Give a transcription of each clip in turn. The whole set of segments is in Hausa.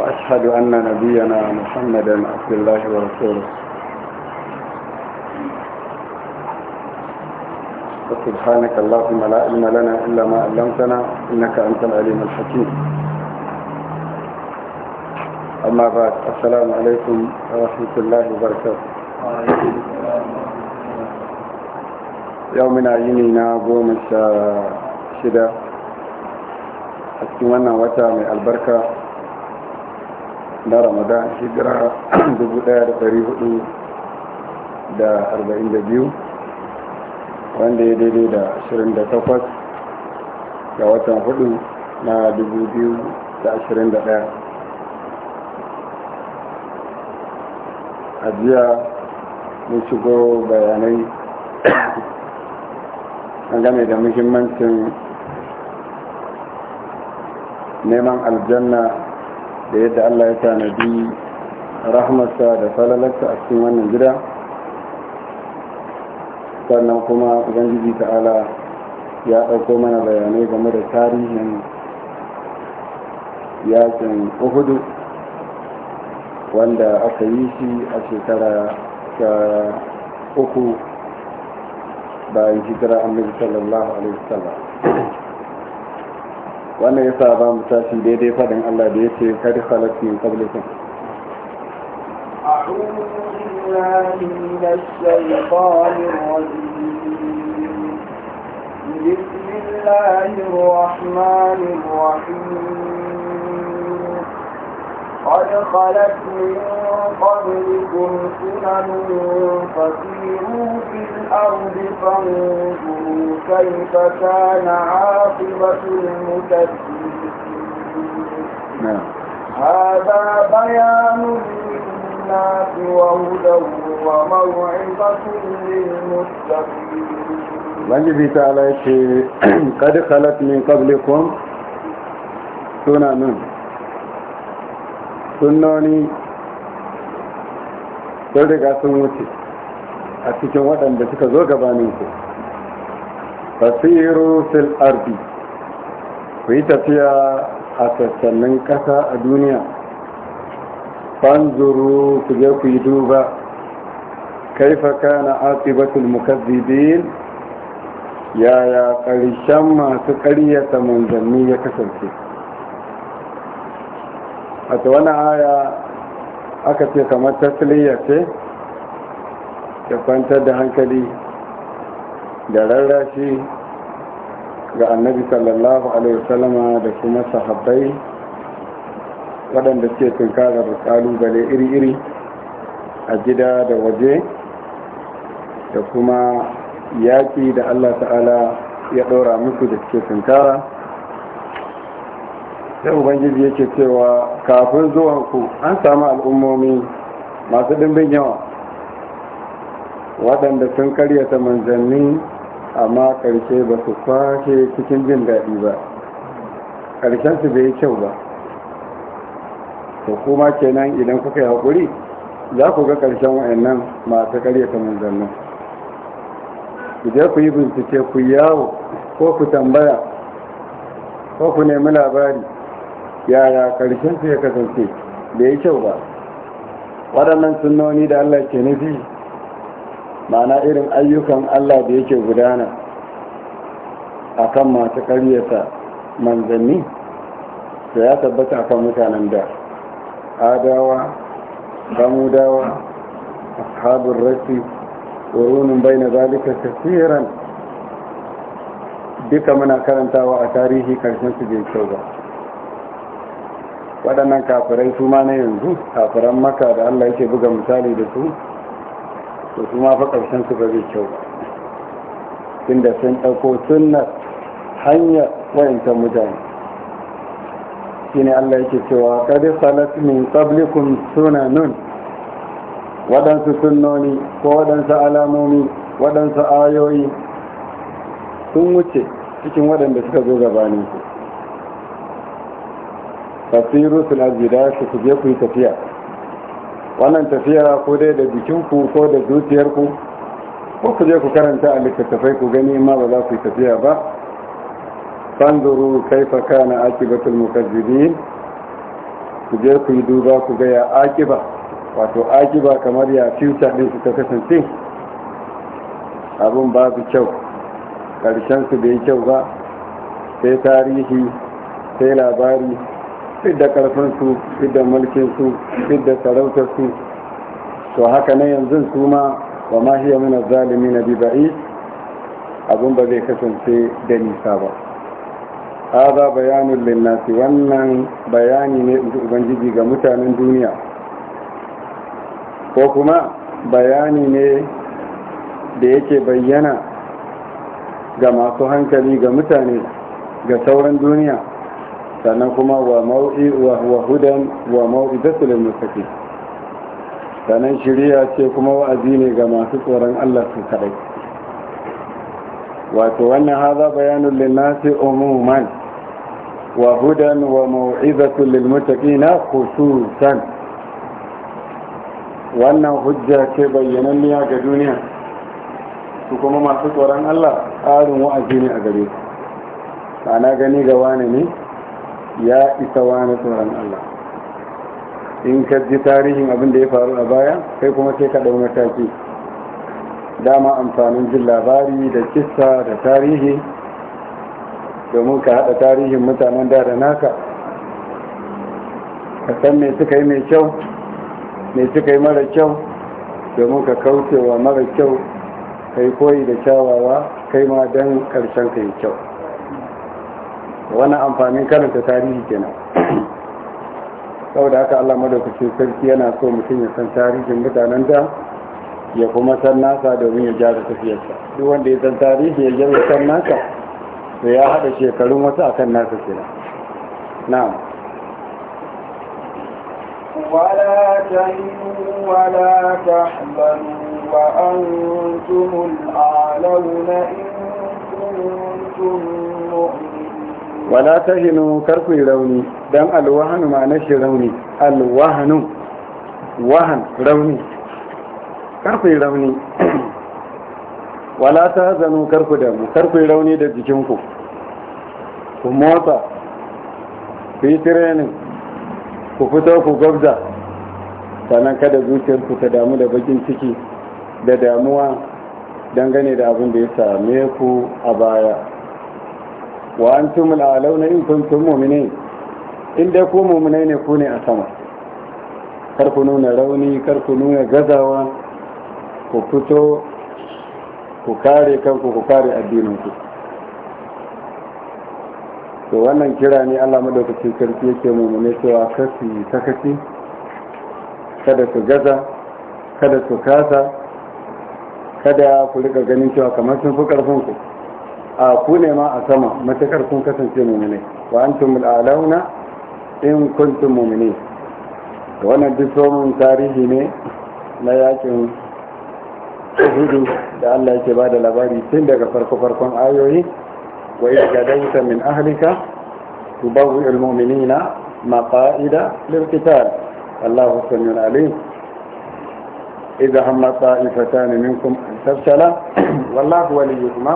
وأشهد أن نبينا محمدا عبد الله ورسوله سبحانك اللهم لا علم لنا إلا ما علمتنا إنك أنت العليم الحكيم أما بعد السلام عليكم ورحمة الله وبركاته يومنا ينينا قوم الشدة أتمنى وتا من البركة na ramadan da 1442 wanda ya daidai da 28 ga watan hudu na 2021 a jiya mun shigo bayanai game da muhimmancin neman aljanna da yadda Allah ya tanadi rahmarsa da falalarsa a cikin wannan gida sannan kuma ubangiji ta'ala ya ɗauko mana bayanai game da tarihin yakin uhudu wanda aka yi shi a shekara ta uku bayan hijira annabi sallallahu alaihi wasallam wannan yasa za mu tashi daidai faɗin Allah da ya ce khalat min qablikum a'udhu billahi minash shaitanir rajim bismillahir قد خلت من قبلكم سنن فسيروا في الأرض فانظروا كيف كان عاقبة المكذبين هذا بيان للناس وهدى وموعظة للمتقين ubangiji ta ala ce kadi khalat min qablikum sunanin sunnoni sun riga sun wuce a cikin waɗanda suka zo gabaninku fasiru fil ardi ku yi tafiya a sassanin ƙasa a duniya fanzuru ku je ku yi duba kaifaka na aqibatul mukazzibin yaya ƙarshen masu ƙaryata manzanni ya kasance a ta wani haya aka ce kamar tasiliya ce da kwantar da hankali da rarrashi ga annabi sallallahu alaihi wasallama da kuma sahabbai waɗanda suke tunkarar ƙalubale iri-iri a gida da waje da kuma yaƙi da allah ta'ala ya ɗora musu da suke tunkara sai ubangiji yake cewa kafin zuwan ku an samu al'ummomi masu dimbin yawa waɗanda sun karyata manzanni amma ƙarshe ba su kwashe cikin jin daɗi ba ƙarshensu bai yi kyau ba Ko kuma kenan idan kuka yi haƙuri za ku ga ƙarshen wa'annan masu karyata manzannin idan ku yi bincike ku yawo ko ku tambaya ko ku nemi labari yaya ƙarshen su ya kasance da ya kyau ba waɗannan sunnoni da Allah ke nufi ma'ana irin ayyukan Allah da yake gudana a kan masu karyata manzanni da ya tabbata a kan mutanen da adawa a ashabin rasi ƙorunin bai na zalika kasiran duka muna karantawa a tarihi ƙarshen su bai kyau ba waɗannan kafirai su ma na yanzu kafiran maka da allah yake buga misali da su to su ma fa ƙarshen su ba zai kyau ba inda sun ɗauko sunnar hanyar wa'inta mutane Shi ne allah yake cewa kadi salat min suna nun? waɗansu sunnoni ko waɗansu alamomi waɗansu ayoyi sun wuce cikin waɗanda suka zo gabanin ku fasiru suna su ku je ku yi tafiya wannan tafiya ko dai da ku ko da ku ko ku je ku karanta a littattafai ku gani ma ba za ku yi tafiya ba fanzuru fa kana akibatul mukazzibin ku je ku yi duba ku ga ya akiba wato akiba kamar ya future din su ta kasance abun babu kyau karshen su bai kyau ba sai tarihi sai labari Fidda da karfinsu fidda da mulkinsu fidda sarautarsu to haka na yanzu su ma wa ma hiya zalimi na biba'i abun ba zai kasance da nisa ba hada bayanun linnasi wannan bayani ne da ubangiji ga mutanen duniya ko kuma bayani ne da yake bayyana ga masu hankali ga mutane ga sauran duniya sannan kuma wa mau'i wa hudan wa mau'i tasulun mutaki sannan shirya ce kuma wa'azi ne ga masu tsoron Allah su kadai wato wannan haza bayanin linnasi umuman wa hudan wa mau'izatun lil na khususan wannan hujja ce bayyananniya ga duniya su kuma masu tsoron Allah tsarin wa'azi ne a gare su ana gani ga wani ne ya isa wani tsoron Allah in ka ji tarihin abin da ya faru a baya kai kuma sai ka ɗau mataki dama amfanin jin labari da kissa da tarihi domin ka haɗa tarihin mutanen da da naka ka san me suka yi mai kyau me suka yi mara kyau domin ka kaucewa mara kyau kai koyi da kyawawa kai ma don ƙarshen ka yi kyau wannan amfanin karanta tarihi kenan saboda haka Allah madaukakin sarki yana so mutum ya san tarihin mutanen da ya kuma san nasa domin ya gyara tafiyarsa duk wanda ya san tarihi ya gyara san nasa da ya haɗa shekarun wasu kan nasa kenan na'am ولا تهنوا ولا تحزنوا وأنتم الأعلون إن كنتم مؤمنين wala ta hinu karku rauni dan alwahanu ma na shi rauni alwahanu wahan rauni karku rauni wala ta zanu karku damu karku rauni da jikinku ku motsa ku yi training ku fito ku gwabza sannan kada zuciyarku ta damu da bakin ciki da damuwa dangane da abin da ya same ku a baya wa an tumul alauna in kuntum mu'minin in dai ku mu'minai ne ku ne a sama kar ku nuna rauni kar ku nuna gazawa ku fito ku kare kanku ku kare addininku to wannan kira ne Allah madaukakin sarki yake mu'mine cewa yi sakaci kada su gaza kada su kasa kada ku rika ganin cewa kamar sun fi karfin ku a kune ma a sama matakar kun kasance muminai wa antum al'alauna in kuntum muminai wannan duk somin tarihi ne na yakin uhudu da Allah yake ba da labari tun daga farko-farkon ayoyi wa ga gadauta min ahlika tubawu ilmominina maqa'ida lirkitar Allah sanyun alim إذا هم طائفتان منكم تفشلا والله وليهما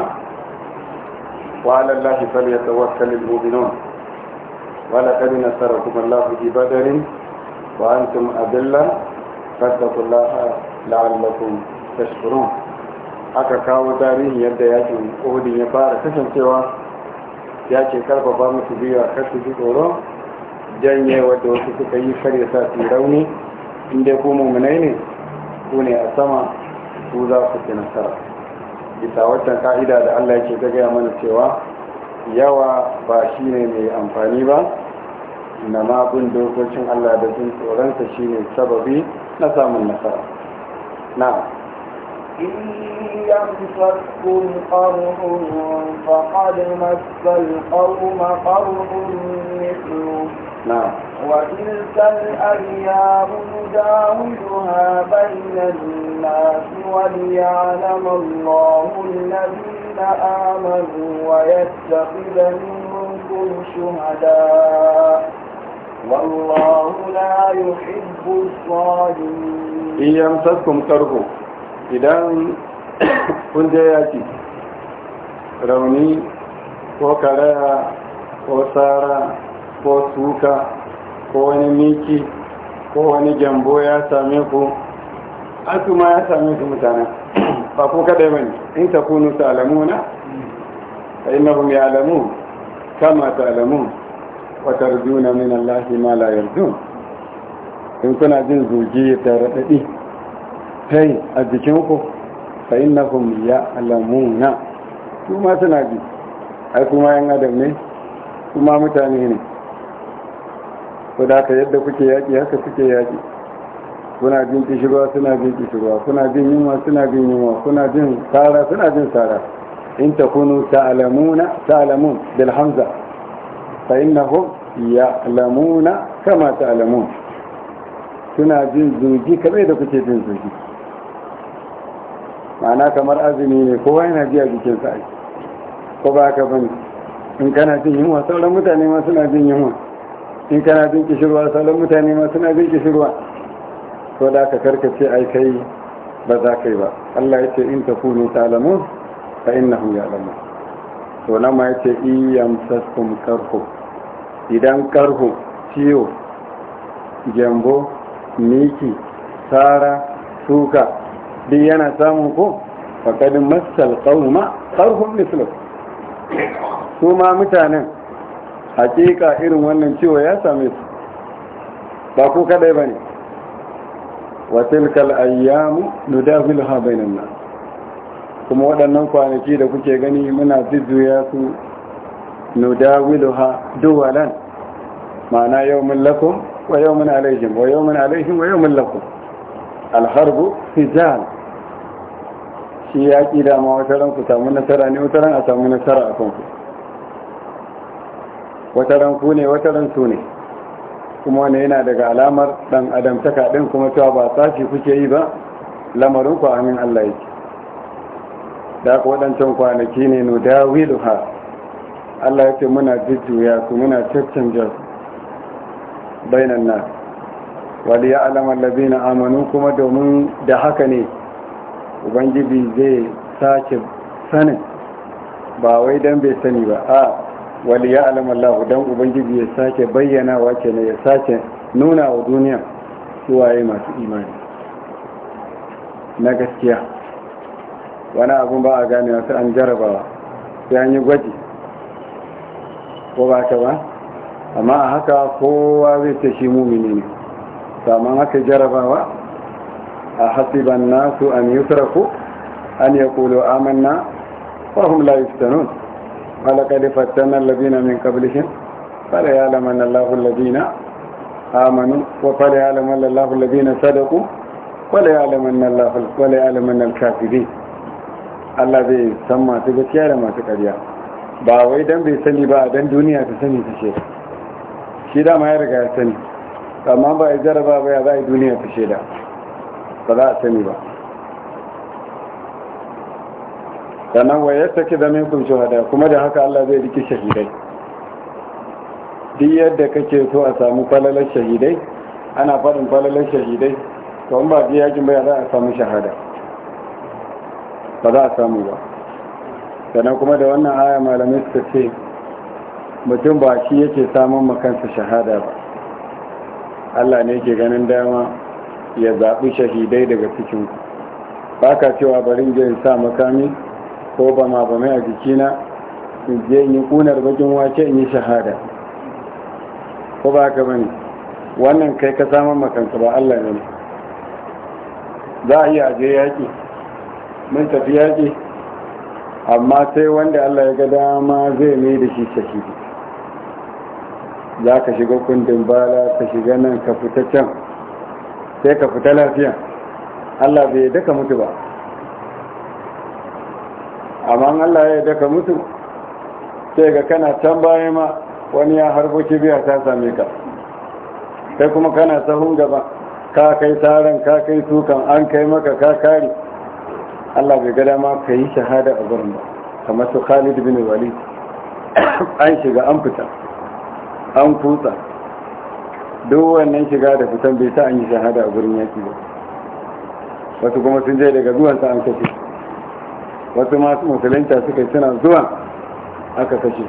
وعلى الله فليتوكل المؤمنون ولقد نصركم الله ببدر وأنتم أذلة فاتقوا الله لعلكم تشكرون aka kawo tarihin yadda yakin ohudin ya fara kasancewa ya ce karfafa musu biyu a su ji tsoro janye wadda wasu suka yi karya sa su rauni inda kuma mummunai ne ku ne a sama su za su ci nasara bisa wata ka'ida da allah yake ta gaya mana cewa yawa ba shi ne mai amfani ba na mabin dokokin allah da jin tsoronsa shi ne sababi na samun nasara na يمسككم نعم وتلك الأيام نداولها بين الناس وليعلم الله الذين آمنوا ويتخذ منكم شهداء والله لا يحب الصالحين. إن يمسكم كره إذا كنت يأتي روني ko karaya ko suka ko wani miki ko wani jambo ya same ku asu ma ya same su mutane ba ku kaɗai ba ne in ta kunu ta alamuna fa kuma ya alamu kama ta alamu wa tarjuna min Allah ma la yarjun in kuna jin zuji da radadi kai a jikin ku fa kuma ya na su ma suna ji ai kuma yan adam ne kuma mutane ne ko da ka yadda kuke yaƙi haka kuke yaƙi kuna jin kishirwa suna jin kishirwa kuna jin yunwa suna jin yunwa kuna jin tsara suna jin tsara in ta takunu ta'lamuna ta'lamun bil hamza fa ya ya'lamuna kama ta'alamun suna jin zuji kame da kuke jin zuji ma'ana kamar azumi ne kowa yana biya jikin sa ko ba ka bane in kana jin yunwa sauran mutane ma suna jin yunwa in kana jin kishirwa salon mutane ma suna jin kishirwa to da ka karkace ai kai ba za ka yi ba Allah ya ce in ta kunu talamu fa innahu lamu. to nan ma ce iyam saskum karhu idan karhu ciwo, gyambo, miki sara suka bi yana samun ko faqad massal qauma karhun mislu su ma mutanen hakika irin wannan ciwo ya same su ba ku kadai ne wa tilkal ayyamu nudafiluha bainan nas kuma waɗannan kwanaki da kuke gani muna jujjuya su nudawiluha duwalan ma'ana yawmin lakum wa yawmin alaihim wa yawmin alaihim wa yawmin lakum alharbu fijal shi yaƙi da ma wataran ku samu nasara ne wataran a samu nasara a kanku wata ran ku ne wata su ne kuma wani yana daga alamar dan adam taka din kuma cewa ba sashi kuke yi ba lamarin ku amin Allah yake da ku kwanaki ne no da ha Allah yake muna jujjuya ku muna caccanja bainan Waliya wal labi na amanu kuma domin da haka ne ubangiji zai sake sanin ba wai dan bai sani ba a Waliya ya alamallahu don ubangiji ya sake bayyana wace ne ya sake nuna wa duniya suwaye masu imani na gaskiya wani abun ba a gane wasu an jarabawa sai an yi gwaji ko ba ta ba amma a haka kowa zai ce shi mumini ne saman haka jarabawa a hasiban nasu an yi an ya kulo amanna fahim la yuftanun ولقد فتنا الذين من قبلهم فليعلمن الله الذين آمنوا وفليعلمن الله الذين صدقوا وليعلمن الله وليعلمن الكافرين Allah zai san masu gaskiya da masu ba wai dan bai sani ba dan duniya ta sani ta ce shi dama ya riga ya sani amma ba ya jaraba ba ya za a yi duniya ta da ba za a sani ba sannan wa yattaki da kun shuhada kuma da haka Allah zai riki shahidai duk yadda kake so a samu falalar shahidai ana faɗin falalar shahidai to an ba ji yakin baya za a samu shahada ba za a samu ba sannan kuma da wannan aya malamai suka ce mutum ba shi yake samun makansa shahada ba Allah ne yake ganin dama ya zaɓi shahidai daga cikin ba ka cewa barin jin sa makami ko ba ma ba mai a jikina in je yi kunar bakin wace in yi shahada ko ba ka bane wannan kai ka samun makanka ba Allah ne za a iya aje yaƙi mun tafi yaƙi amma sai wanda Allah ya ga dama zai mai da shi shahidi za ka shiga kundin bala ka shiga nan ka fita can sai ka fita lafiya Allah bai daka mutu ba amma Allah ya daka ka mutu sai ga kana can baya ma wani ya harbo kibiya ta same ka kai kuma kana sahun gaba ka kai taron ka kai tukan an kai maka ka kare Allah bai ga dama ka yi shahada a gurin ba kamar su Khalid bin Walid an shiga an fita an kutsa duk wannan shiga da fitan bai sa an yi shahada a gurin yaki ba wasu kuma sun je daga duwansa an kashe wasu masu musulunta suka suna zuwa aka kashe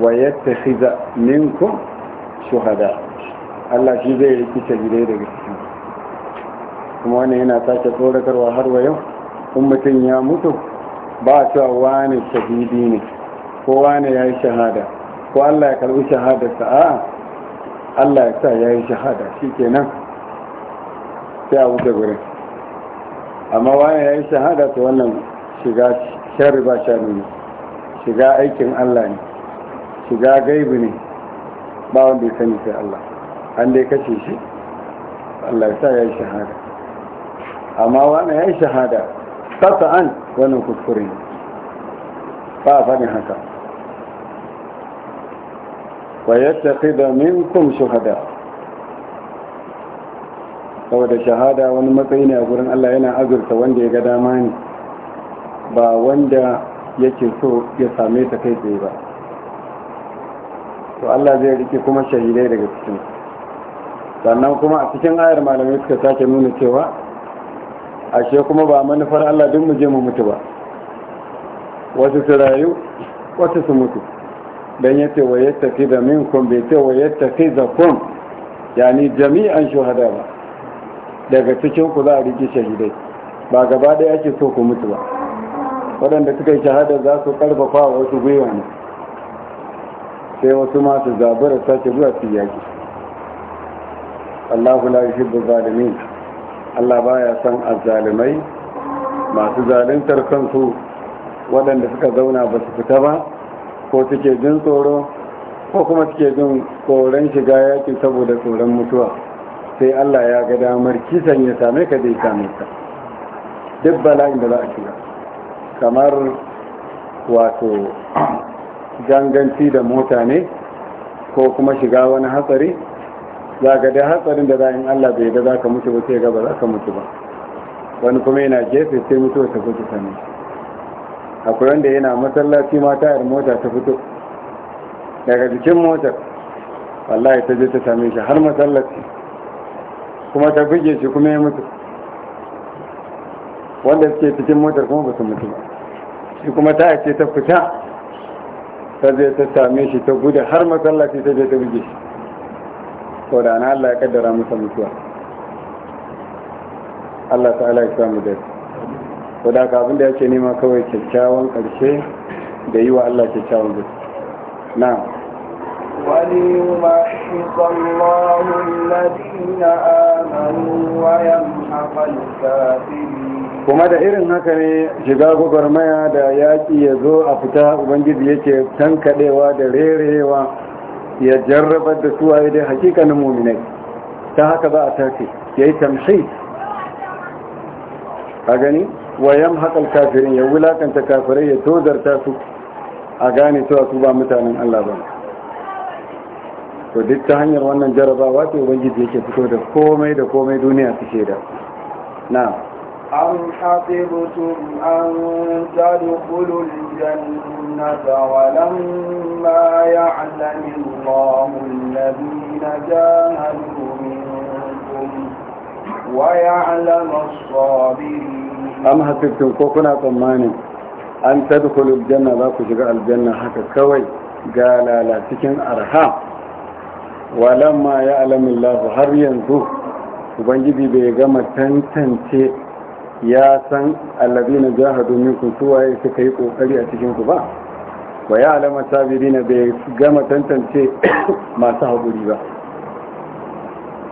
wa yadda hiza ninku shuhada Allah shi zai rikice gidai daga cikin kuma wani yana sake tsoratarwa har wa yau in mutum ya mutu ba a cewa wani shahidi ne ko wani ya yi shahada ko Allah ya karbi sa a Allah ya sa ya yi shahada shi kenan sai a wuce gurin amma wani ya yi shahada ta wannan shiga shari ba shari ne shiga aikin Allah ne shiga gaibu ne ba wanda ya sani sai Allah an dai kashe shi Allah ya sa ya yi shahada amma wani ya yi shahada sata an wani kuskure ne ba a fadin haka wa min kun shahada saboda shahada wani matsayi ne a gurin Allah yana azurta wanda ya ga dama ne ba wanda yake so ya same ta kai tsaye ba to Allah zai rike kuma shahidai daga cikin sannan kuma a cikin ayar malamai suka sake nuna cewa ashe kuma ba manufar Allah duk mu je mu mutu ba wasu su rayu wasu su mutu dan ce wa tafi da min kun bai ce wa tafi da kun? yani jami'an shuhada ba daga cikin ku za a rike shahidai ba gaba ɗaya ake so ku mutu ba waɗanda suka yi shahada za su ƙarfafa wasu gwiwa ne sai wasu masu zabura sace zuwa su yaƙi allahu la yi shibbu zalimi allah baya san azzalimai masu zalintar kansu waɗanda suka zauna ba su fita ba ko suke jin tsoro ko kuma suke jin tsoron shiga yaƙi saboda tsoron mutuwa sai allah ya ga damar kisan ya same ka zai same ka duk bala'in da za a shiga kamar wato ganganci da mota ne ko kuma shiga wani hatsari za ga dai hatsarin da za in Allah bai da za ka mutu ba sai ga ba za ka mutu ba wani kuma yana jefe sai mutuwa ta fito ta ne akwai wanda yana masallaci ma tayar mota ta fito daga jikin motar wallahi ta je ta same shi har masallaci kuma ta buge shi kuma ya mutu wanda suke cikin motar kuma ba su mutu ba shi kuma ta ake ta fita ta zai ta same shi ta gudu har masallaci ta zai ta buge shi ko da na Allah ya kaddara masa mutuwa Allah ta'ala ya samu da ko da abin da yake nema kawai kyakkyawan karshe da yi wa Allah kyakkyawan gudu na'am وليمحص الله الذين آمنوا ويمحق الكافرين kuma da irin haka ne shiga gwagwarmaya da yaƙi ya zo a fita ubangiji yake tankaɗewa da rerewa ya jarrabar da su a dai hakikanin muminai ta haka za a tafi ya yi tamshi a gani wayan haƙal kafirin ya wulaƙanta kafirai ya tozarta su a gane cewa su ba mutanen Allah ba to duk ta hanyar wannan jarrabawa ce ubangiji yake fito da komai da komai duniya su da, na'am أم حسبتم أن تدخلوا الجنة ولما يعلم الله الذين جاهدوا منكم ويعلم الصابرين أم حسبتم كوكنا طماني أن تدخلوا الجنة ذاكو شقاء الجنة حكا كوي قال لا تكن أرحام ولما يعلم الله هر ينزو ubangiji bai gama tantance ya san na jahadu minkum waye suka yi kokari a cikin ku ba wa ya alama na bai gama tantance masu haƙuri ba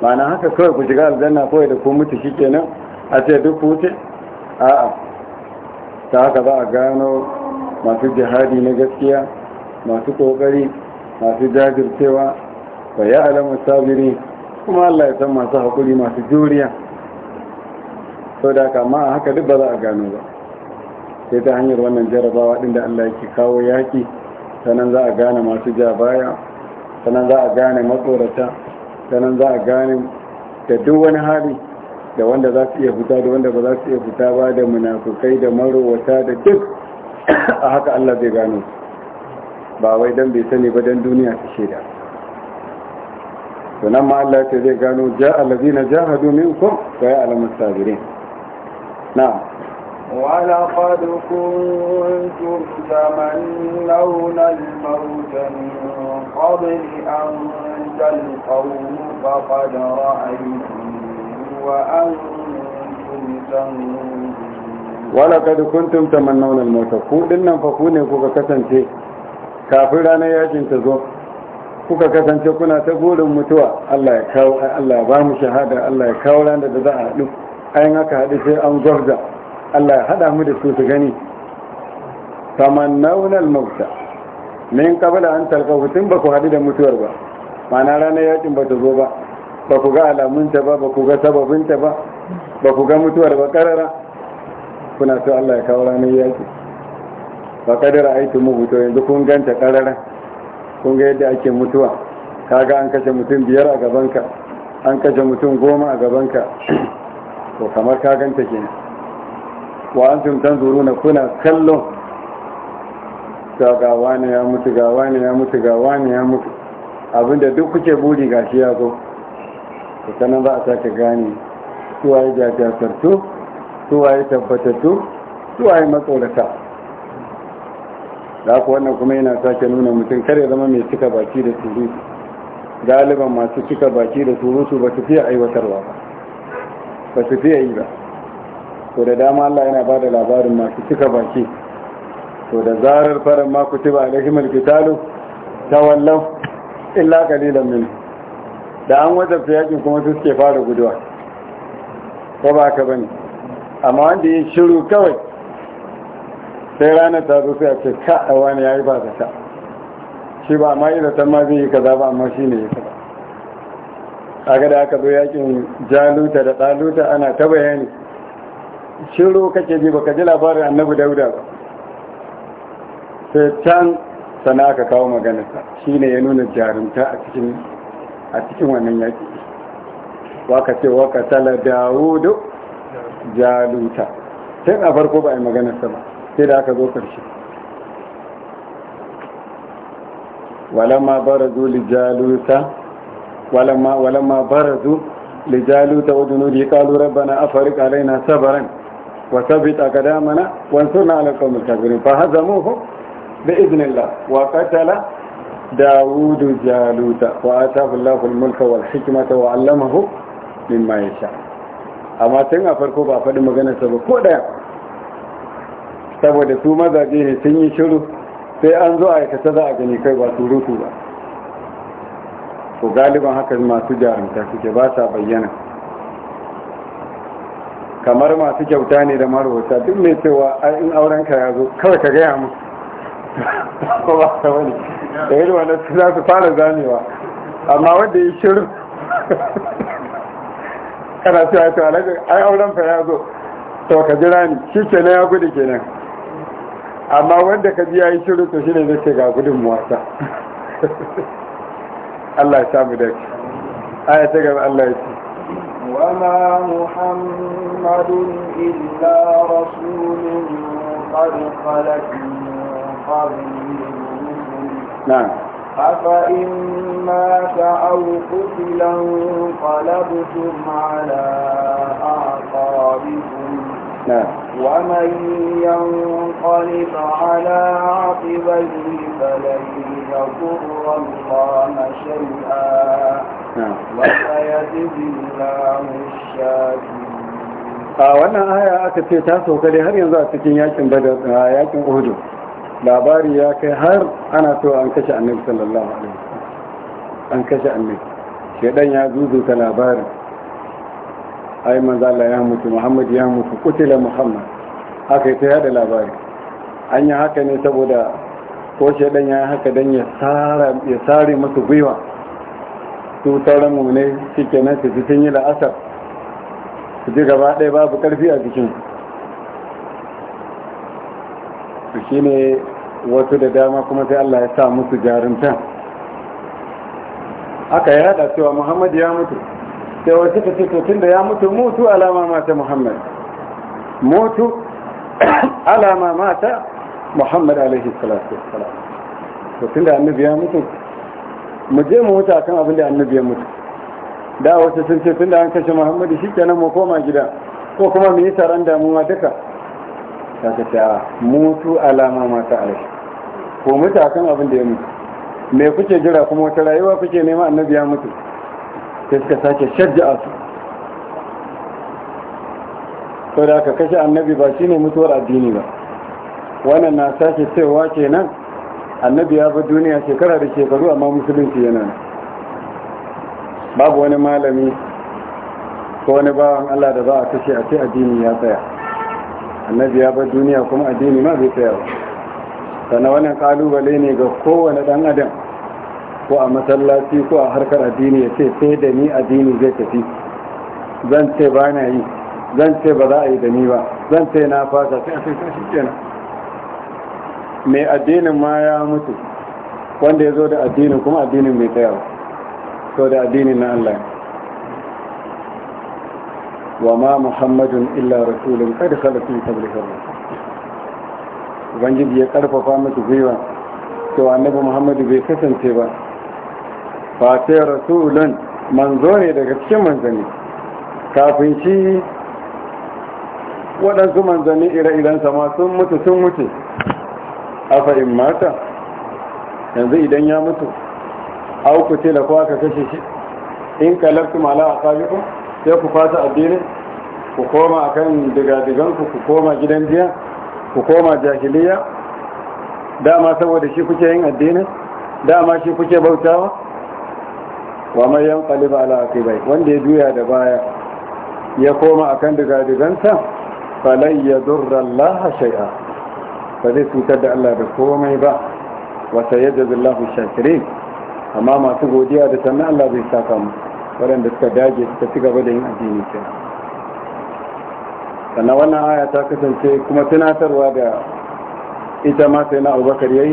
mana haka kawai ku shiga aljanna kawai da ku mutu shi kenan a ce duk wuce a'a ta haka za a gano masu jihadi na gaskiya masu kokari masu jajircewa wa ya alama sabiri kuma Allah ya san masu haƙuri masu juriya sau da haka a haka duk ba za a gano ba sai ta hanyar wannan jarabawa din da Allah yake kawo yaki Sannan za a gane masu ja baya sannan za a gane matsorata sannan za a gane da duk wani hali da wanda za su iya fita da wanda ba za su iya fita ba da munafukai da marowata da duk a haka Allah zai gano ba wai dan bai sani ba dan duniya ta shaida to ma Allah ce zai gano ja allazina jahadu minkum wa ya'lamu sabirin نعم ولقد كنتم تمنون الموت من قبل أن تلقوه فقد رأيتم وأنتم تنظرون ولقد كنتم تمنون الموت كودن فكونه kuka kasance kafin ranar yakin ta zo kuka kasance kuna ta burin mutuwa Allah ya kawo Allah ya ba mu shahada Allah ya kawo ranar da za a haɗu ayin aka haɗe sai an gwabza Allah ya haɗa mu da su su gani naunar mauta min kabila an talqahu tun ba ku haɗu da mutuwar ba mana ranar yakin ba ta zo ba ba ku ga alamunta ba ba ku ga sababinta ba ba ku ga mutuwar ba karara kuna so Allah ya kawo ranar yaki ba kadara aiki mu to yanzu kun ganta karara kun ga yadda ake mutuwa kaga an kashe mutum biyar a gabanka an kashe mutum goma a gabanka to kamar ka ganta ke wa an tan zuru na kuna kallo ta gawa ne ya mutu gawa ne ya mutu gawa ne ya mutu abinda duk kuke buri ga shi ya zo to sanan za a sake gane suwaye jajatartu suwaye tabbatattu ya matsorata da haka wannan kuma yana sake nuna mutum kare zama mai cika baki da surutu galiban masu cika baki da su ba su fiye aiwatarwa ba ba su fiye yi ba to da dama Allah yana ba da labarin masu cika baki to da zarar farin ma kutiba alaihimul ta wallon illa kalilan min da an wajabta yakin kuma su suke fara guduwa ko ba ka bane amma wanda ya shiru kawai sai ranar ta zo sai a ce ka wani yi ba ta shi ba ma yi zaton ma zai yi kaza ba amma shi ne ya kaza Aga da aka zo yakin jaluta da daluta ana ta bayani shiro kake ji baka ji labarin annabi dauda ba sai can sana aka kawo maganarsa shine ya nuna jarumta a cikin wannan yaki waka ce waka tala dawudu jaluta sai a farko ba a yi maganarsa ba sai da aka zo karshe walama barazu li jaluta ولما ولما برزوا لجالوت وجنوده قالوا ربنا افرق علينا صبرا وثبت أقدامنا وانصرنا على القوم الكافرين فهزموه باذن الله وقتل داود جالوت واتاه الله الملك والحكمه وعلمه مما يشاء اما تن فرقوا بأفضل مغانا سبقوا دا saboda su mazaje ne sun yi shiru sai an zo a yi kasa za a gani kai ba su surutu ba to galiban haka masu jarumta suke ba sa bayyana kamar masu kyauta ne da marubuta duk mai cewa in aurenka ya zo kawai ka gaya mu ko ba ta wani da yi wanda su za su fara zanewa amma wanda ya shirin kana cewa to alaƙa ai aurenka ya zo to ka jira ni shi ke na ya gudu kenan amma wanda ka ji ya yi shirin to shi ne zai ce ga gudun muwasa Allah ya samu da ke aya ta gaba Allah ya ce wama muhammadun illa rasulun qad khalaq min qablihim na fa in ma aw qutilan qalabtum ala aqabikum na ومن ينقلب على عقبيه فلن يضر الله شيئا وسيجزي الله الشاكرين a wannan aya aka ce ta sauka dai har yanzu a cikin yakin badar a yakin uhud labari ya kai har ana so an kashe annabi sallallahu alaihi wasallam an kashe annabi shedan ya zuzuta labarin ai manzala ya mutu muhammad ya mutu kutila muhammad haka ta yada labari an yi haka ne saboda ko shaidan ya haka dan ya ya sare musu gwiwa su sauran mummune shi kenan su fi sun yi la'asar su ji gaba ɗaya babu ƙarfi a jikin su shi ne wasu da dama kuma sai allah ya sa musu jarumta aka yada cewa muhammad ya mutu da wai suka ce to da ya mutu mutu alama mata muhammad mutu alama mata muhammad alaihi salatu wassalam to da annabi ya mutu mu je mu mutu kan abin da annabi ya mutu da wasu sun ce tun da an kashe muhammadu shikenan mu koma gida ko kuma mu yi taron damuwa duka ta ka ta mutu alama mata alaihi ko mutu akan abin da ya mutu me kuke jira kuma wata rayuwa kuke nema annabi ya mutu sai suka sake shajja'a su to da aka kashe annabi ba shi ne mutuwar addini ba wannan na sake cewa kenan annabi ya bi duniya shekara da shekaru amma musulunci yana babu wani malami ko wani bawan Allah da za a kashe a ce addini ya tsaya annabi ya fi duniya kuma addini ma bai tsaya ba sannan wannan kalubale ne ga kowane dan adam ko a masallaci ko a harkar addini ya ce sai da ni addini zai tafi zan ce ba na yi zan ce ba za a yi da ni ba zan ce na fasa sai a sai shi kenan mai addinin ma ya mutu wanda ya zo da addinin kuma addinin mai ba so da addinin na Allah wa ma muhammadun illa rasulun kada khalafin tabbatar ubangiji ya karfafa musu gwiwa cewa annabi muhammadu bai kasance ba fata rasulun manzo ne daga cikin manzanni kafin shi waɗansu manzanni ire iren sama sun mutu sun mutu. a fa'in mata yanzu idan ya mutu auku da kuwa ka kashe shi in ma mala a sabikun sai ku fasa addinin ku koma a kan digadiganku ku koma gidan jiya ku koma jahiliya dama saboda shi kuke yin addinin dama shi kuke bautawa wa mai yan yanqalib ala bai? wanda ya juya da baya ya koma a akan digadigansa falai yadurra Allah shai'a. ba zai cutar da Allah da komai ba wa sayajzi Allahu shakirin amma masu godiya da sannan Allah zai saka mu waɗanda suka dage suka ci gaba da yin addini ke sannan wannan aya ta kasance kuma tunatarwa da ita ma sai na Abubakar yayi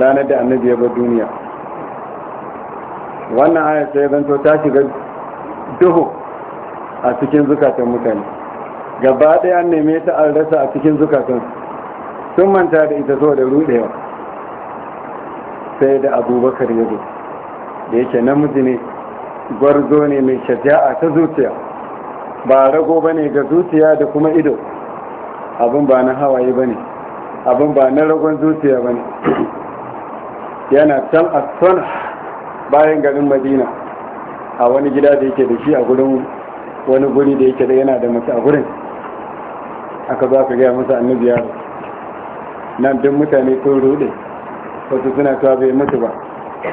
ranar da annabi ya bar duniya wannan ayar sai zanto ta shiga duhu a cikin zukatan mutane gaba ɗaya an neme ta an rasa a cikin zukatan sun manta da ita zuwa da rudewa sai da abubakar ya zo da yake namiji ne gwarzo ne mai shaja'a ta zuciya ba rago ba ne ga zuciya da kuma ido abin ba na hawaye ba ne abin ba na ragon zuciya ba ne yana can a bayan garin madina a wani gida da yake da shi a gurin wani guri da yake da yana da mace a gurin aka za ka gaya masa annabi yaro nan duk mutane kun rude wasu suna cewa bai mutu ba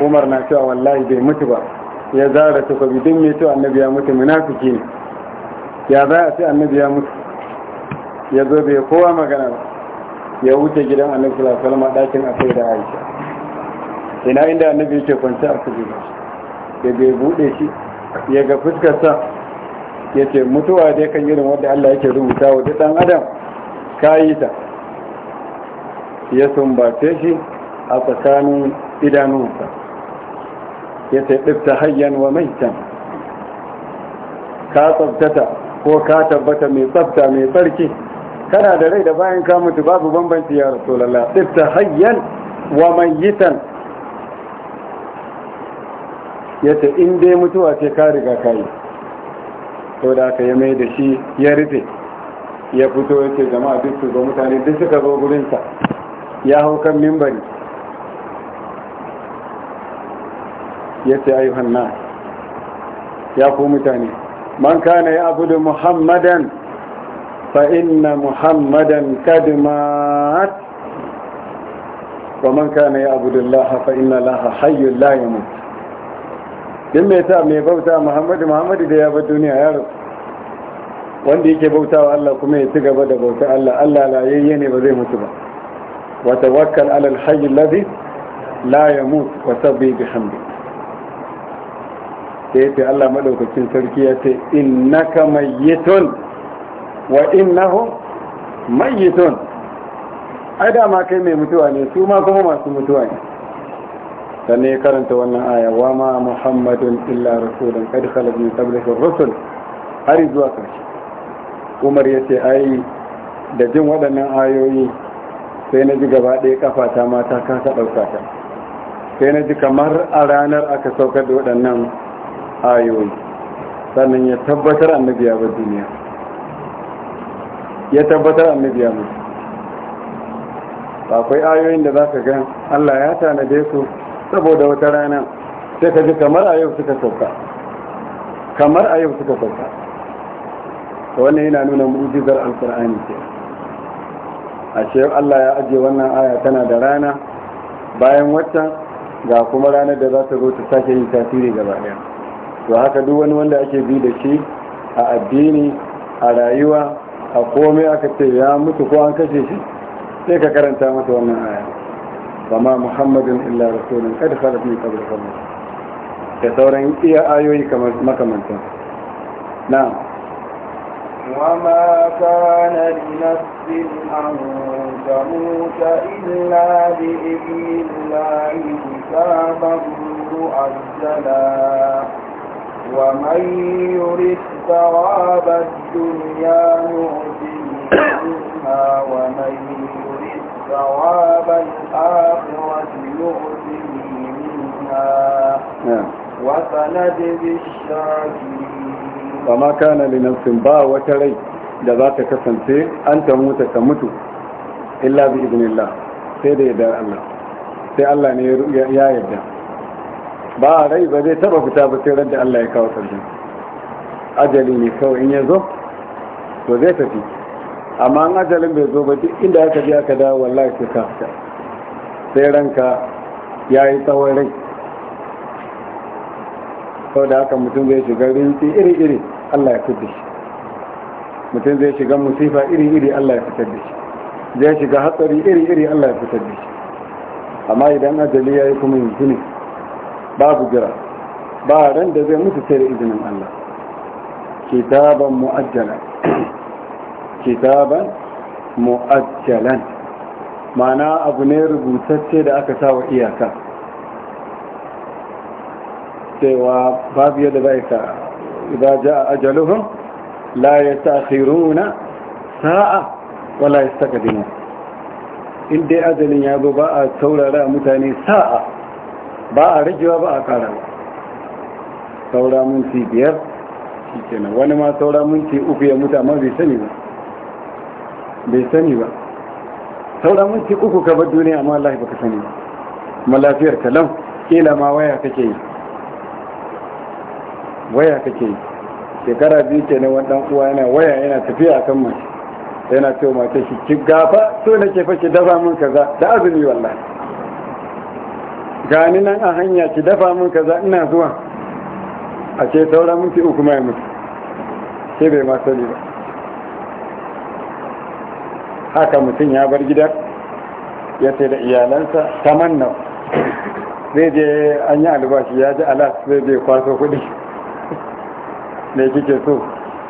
umar na cewa wallahi bai mutu ba ya zara takobi duk mai cewa annabi ya mutu munafiki ne ya za a ce annabi ya mutu ya zo bai kowa magana ya wuce gidan annabi sallallahu alaihi wasallam a dakin akai da aisha ina inda annabi yake kwance a ba ya bai bude shi ya ga fuskarsa ya ce mutuwa dai kan yi wanda Allah yake rubuta wa duk dan adam kayi ta ya sumbace shi a tsakanin idanunsa ya ce ɗifta hayyan wa can ka tsabtata ko ka tabbata mai tsabta mai tsarki kana da rai da bayan ka babu bambanci ya rasulallah ɗifta hayyan wa tan. ya ce in dai mutuwa ce ka riga ka yi to da aka yi mai da shi ya rufe ya fito ya ce jama'a duk su zo mutane duk suka zo gurinsa ya hau kan mimbari ya ce ayyuhan na ya ku mutane man kana ya abu da muhammadan fa inna muhammadan kadimat wa man kana ya abu da laha fa inna laha hayyun la yamut din mai sa mai bauta muhammadu muhammadu da ya bar duniya ya wanda yake bautawa Allah kuma ya ci gaba da bauta Allah Allah yayye ne ba zai mutu ba wa tawakkal alal hayy alladhi la yamut wa sabbi bihamdi sai ce Allah madaukakin sarki ya ce innaka mayyitun wa innahu mayyitun ai da ma kai mai mutuwa ne su ma kuma masu mutuwa ne sannan ya karanta wannan aya wa ma muhammadun illa rasulun kad khalat min qablihi rusul har zuwa karshe umar ya ce ai da jin waɗannan ayoyi sai na ji gaba ɗaya kafa ta mata kasa ɗauka ta sai na ji kamar a ranar aka saukar da waɗannan ayoyi sannan ya tabbatar annabi ya bar duniya ya tabbatar annabi ya mutu akwai ayoyin da za ka gan Allah ya tanade su saboda wata rana sai ka ji kamar a yau suka sauka kamar a yau suka sauka wannan yana nuna mu'jizar alkur'ani ke a ce Allah ya ajiye wannan aya tana da rana bayan waccan ga kuma ranar da za ta zo ta sake yi tasiri gaba daya to haka duk wani wanda ake bi da shi a addini a rayuwa a komai aka ce ya mutu ko an kashe shi sai ka karanta masa wannan aya وما محمد إلا رسول قد خلت من قبل قبل da sauran آيوي كما kamar makamanta نعم. وما كان لنفس أن تموت إلا بإذن الله كتابا مؤجلا ومن يرد ثواب الدنيا نؤتيه منها ومن ثواب الآخرة يؤتيه منها وسنجزي الشاكرين فما كان لنفس با وتري da za ta kasance an ta mutu ta mutu illa bi iznillah sai da yardar Allah sai Allah ne ya yarda ba rai ba zai taba fita ba sai da Allah ya kawo sarjin ajali ne kawai in ya zo to zai tafi amma an ajalin bai zo ba duk inda aka biya aka dawo wallahi sai ka fita sai ranka ya yi tsawon rai sau da haka mutum zai shiga rinsi iri-iri allah ya fitar da shi mutum zai shiga musifa iri-iri allah ya fitar da shi zai shiga hatsari iri-iri allah ya fitar da shi amma idan ajali ya yi kuma yanzu ne babu jira ba ran da zai mutu sai da izinin allah kitaban mu'ajjala kitaban mu'ajjalan ma'ana abu ne rubutacce da aka sa wa iyaka cewa babu yadda za ka idan ja a ajaluhun la ya ta'khiruna sa'a wala yastaqdimu inda dai ajalin ya zo ba a taurara mutane sa'a ba a rijiwa ba a karawa ba saura minti biyar shi kenan wani ma saura minti uku ya mutu amma bai sani ba bai sani ba sauran minti uku ka bar duniya amma Allah baka sani ba kuma lafiyar kalam kila ma waya kake yi waya kake yi shekara biyu ke nan wani uwa yana waya yana tafiya akan mace yana cewa mace shi ki gafa so nake fa ki dafa min kaza da azumi wallahi gani nan a hanya ki dafa min kaza ina zuwa a ce sauran minti uku mai mutu sai bai ma sani ba haka mutum ya bar gidan ya ce da iyalansa manna zai je an yi albashi ya ji alas zai je kwaso kudi me kike so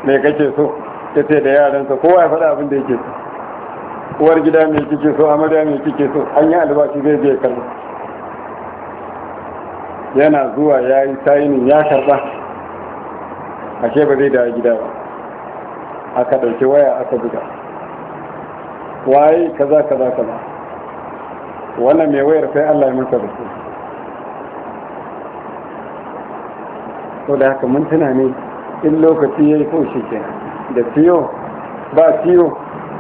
me kake so ya ce da yaransa kowa ya faɗa abin da yake so uwar gida mai kike so amarya mai kike so an yi albashi zai je kallo yana zuwa ya yi tayinin ya karɓa ashe ba zai da gida ba aka ɗauki waya aka buga waye kaza kaza kaza wannan mai wayar sai Allah ya masa da su to da haka mun tuna ne in lokaci yayi ko shi ke da tiyo ba tiyo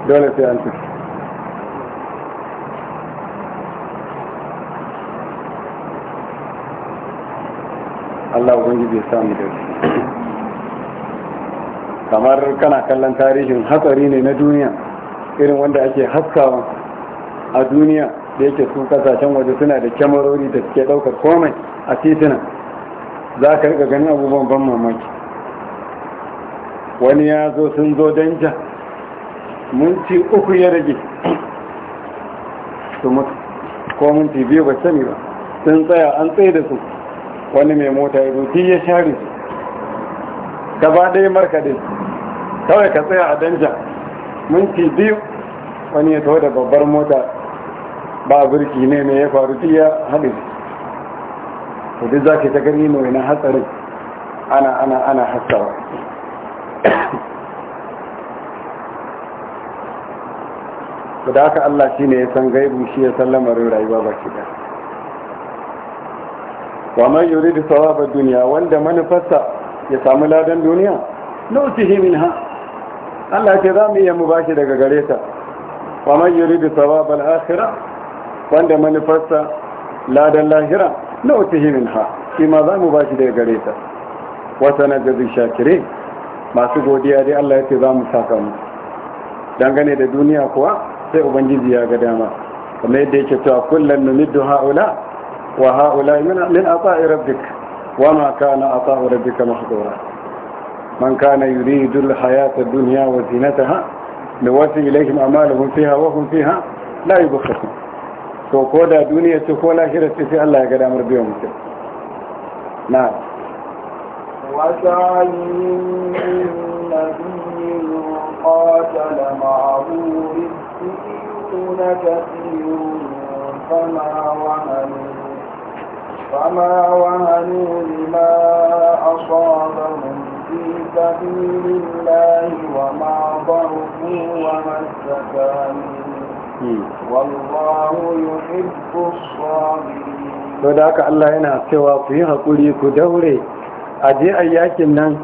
dole sai an ci Allah ubangiji ya samu da kamar kana kallon tarihin hatsari ne na duniya irin wanda ake haskawa a duniya da yake su kasashen waje suna da kyamarori da suke daukar komai a titina za ka rika ganin abubuwan ban mamaki wani ya zo sun zo danja, minti uku ya rage su mutu ko minti biyu ba sani ba sun tsaya an tsaye da su wani mai mota ya rufi ya share su gaba ɗaya markaɗe kawai ka tsaya a danja minti biyu wani ya taho da babbar mota ba birki ne mai ya faru tiya haɗin to duk za ta gani mai na hatsarin ana ana ana hatsawa Ku da haka Allah shi ne ya san gaibu shi ya san lamarin rayuwa ba shi da wa man yuridu thawaba dunya wanda manufarsa ya samu ladan duniya himin ha? Allah ce za mu iya mu bashi daga gare ta wa man yuridu thawab al-akhirah wanda manufarsa ladan lahira na utihi minha shi ma za mu ba shi daga gare ta wa sanajzi shakirin masu godiya dai Allah yake za mu saka mu dangane da duniya kuwa sai ubangiji ya ga dama kamar yadda yake cewa kullun numiddu haula wa haula min ata'i rabbik wa ma kana ata'u rabbika mahdura man kana yuridu al-hayata duniya dunya wa zinataha لوافي إليهم أعمالهم فيها وهم فيها لا يبخسون فقودة دنيا تقول آخرة في الله قد أمر بيوم نعم وسعي مِنَّ الَّذِينَ قَاتَلَ مَعَهُ رِبِّيُّونَ كثيرون فَمَا وَهَنُوا فَمَا وَهَنُوا لِمَا أَصَابَهُمْ في سبيل الله وما ضربوا وما استكانوا والله يحب الصابرين to da haka Allah yana cewa ku yi hakuri ku daure a je a yakin nan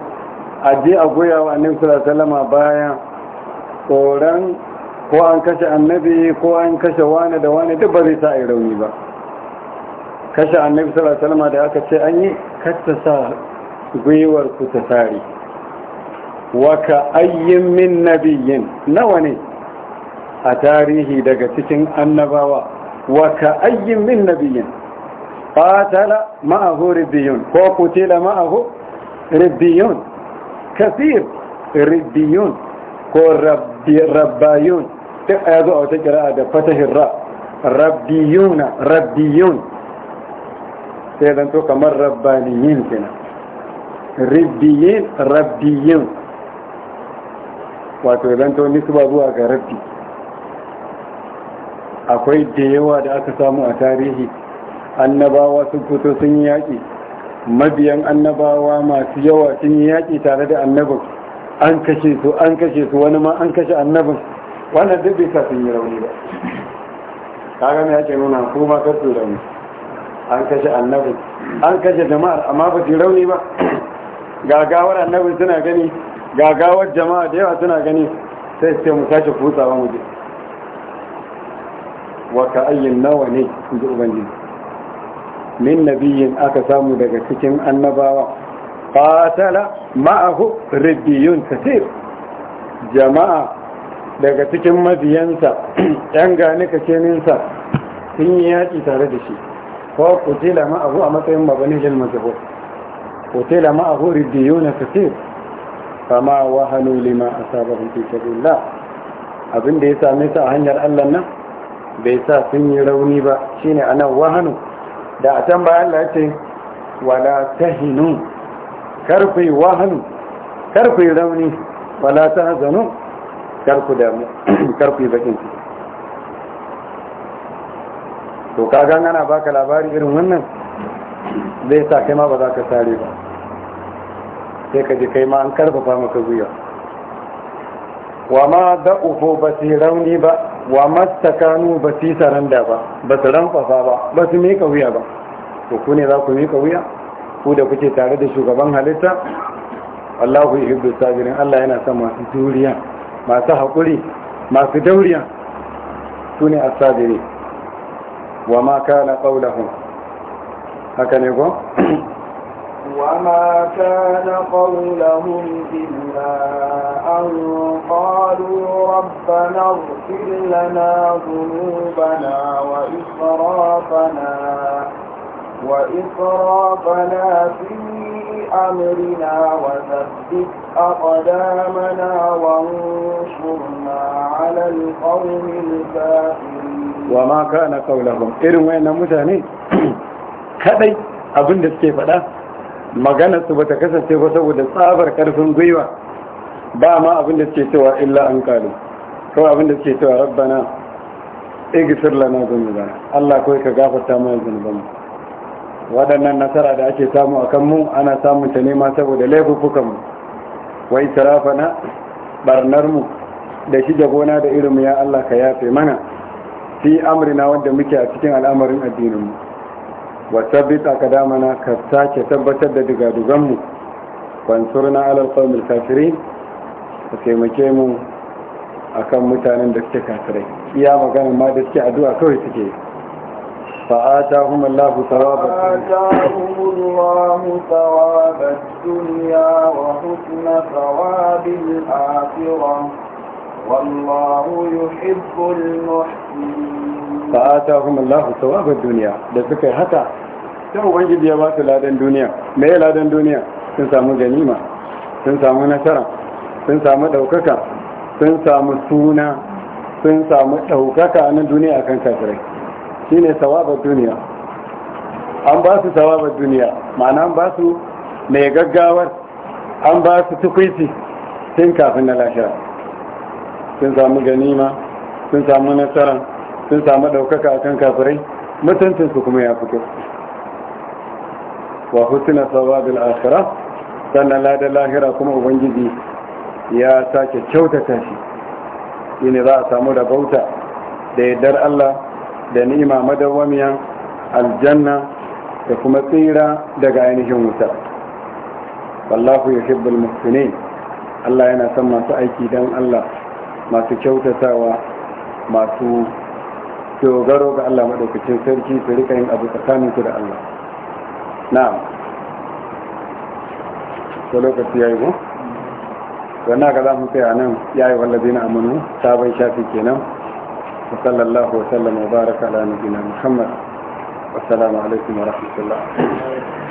a je a goya wa annabi sallallahu bayan tsoron ko an kashe annabi ko an kashe wani da wani duk ba zai sa rauni ba kashe annabi sallallahu alaihi da aka ce an yi kasta sa gwiwar ku ta tare wa min nabiyyin nawa ne a tarihi daga cikin annabawa wa ka min nabiyyin qatala ma'ahu ribbiyun ko kutila ma'ahu ribbiyun kathir ribbiyun ko rabbayun duk a yazo a wata kira'a da fatahin ra rabbiyuna rabbiyun sai kamar rabbaniyin kenan rabbiyin rabbiyin wato zanto nisba zuwa ga rabbi akwai da da aka samu a tarihi annabawa sun fito sun yi yaƙi mabiyan annabawa masu yawa sun yi yaƙi tare da annabin an kashe su an kashe su wani ma an kashe annabin wannan duk bai sa sun yi rauni ba kaga me yake nuna ko ma kar rauni an kashe annabin an kashe jama'ar amma ba su rauni ba gagawar annabin suna gani gagawar jama'a da yawa suna gani sai ce mu tashi kutsawa mu je wa ka ayyin nawa ne in ji ubangiji min nabiyin aka samu daga cikin annabawa fatala ma'ahu rabbiyun kasir jama'a daga cikin mabiyansa yan gane sa sun yi yaki tare da shi ko kutila ma'ahu a matsayin mabanin jalmasa قتل معه رديون كثير فما وهنوا لما أصابهم في سبيل الله abin da ya same sa a hanyar Allah nan bai sa sun yi rauni ba shine anan wahanu da a can bayan Allah ce wala tahinu karfi wahanu karfi rauni wala tahzanu karku damu karfi bakin ciki to kaga ana baka labari irin wannan zai sa kai ma ba za ka sare ba sai ka ji kai ma an karfafa maka gwiwa wa ma da ufo ba su rauni ba wa mastakanu ba su saranda ba ba su ramfafa ba ba su mika wuya ba to ku ne za ku mika wuya ku da kuke tare da shugaban halitta Allahu yuhibbu sabirin Allah yana son masu duriya masu haƙuri masu dauriya su ne asabiri wa ma kana qaulahum haka ne ko وما كان قولهم إلا أن قالوا ربنا اغفر لنا ذنوبنا وإسرافنا وإسرافنا في أمرنا وثبت أقدامنا وانصرنا على القوم الكافرين وما كان قولهم إرمينا متاني كذي abin da suke faɗa maganar su bata kasance ba saboda tsabar karfin gwiwa ba ma abin da suke cewa illa an kalu ko abin da suke cewa rabbana igfir lana zunubana Allah kawai ka gafarta mana zunubanmu waɗannan nasara da ake samu a kanmu ana samu ta nema saboda laifukanmu wai tarafana mu da shi da gona da irinmu ya Allah ka yafe mana fi amrina wanda muke a cikin al'amarin addininmu wasu biske aka dama ka kasance tabbatar da diga daganmu ban tsorna alal komin tasirin ku taimake mu akan mutanen da suke kasa dai magana ma da suke a duka kawai suke fa'ada a hukumallahu tsawon bata ne. Ɗan fa atahum Allahu thawabad duniya. da suka haka sai ubangiji ya ba su ladan duniya me ladan duniya sun samu ganima sun samu nasara sun samu ɗaukaka, sun samu suna sun samu daukaka na duniya kan kafirai ne thawabad duniya an ba su thawabad duniya ma'ana an ba su mai gaggawar an ba su tukwici tun kafin na lahira sun samu ganima sun samu nasara sun samu ɗaukaka a kan kafirai su kuma ya fito wa hutuna sawabil akhirah sannan da lahira kuma ubangiji ya sake kyautata shi shine za a samu da bauta da yardar Allah da ni'ima madawwamiya aljanna da kuma tsira daga ainihin wuta wallahu yuhibbul muhsinin Allah yana son masu aiki dan Allah masu kyautatawa masu To dogaro ga Allah madaukakin sarki su rika yin abu tsakanin ku da Allah na'am to lokaci yayi ko wannan ga zamu kai anan yayi wallazina amanu sabon shafi kenan wa sallallahu wa sallama wa baraka ala nabiyina muhammad assalamu alaikum wa rahmatullahi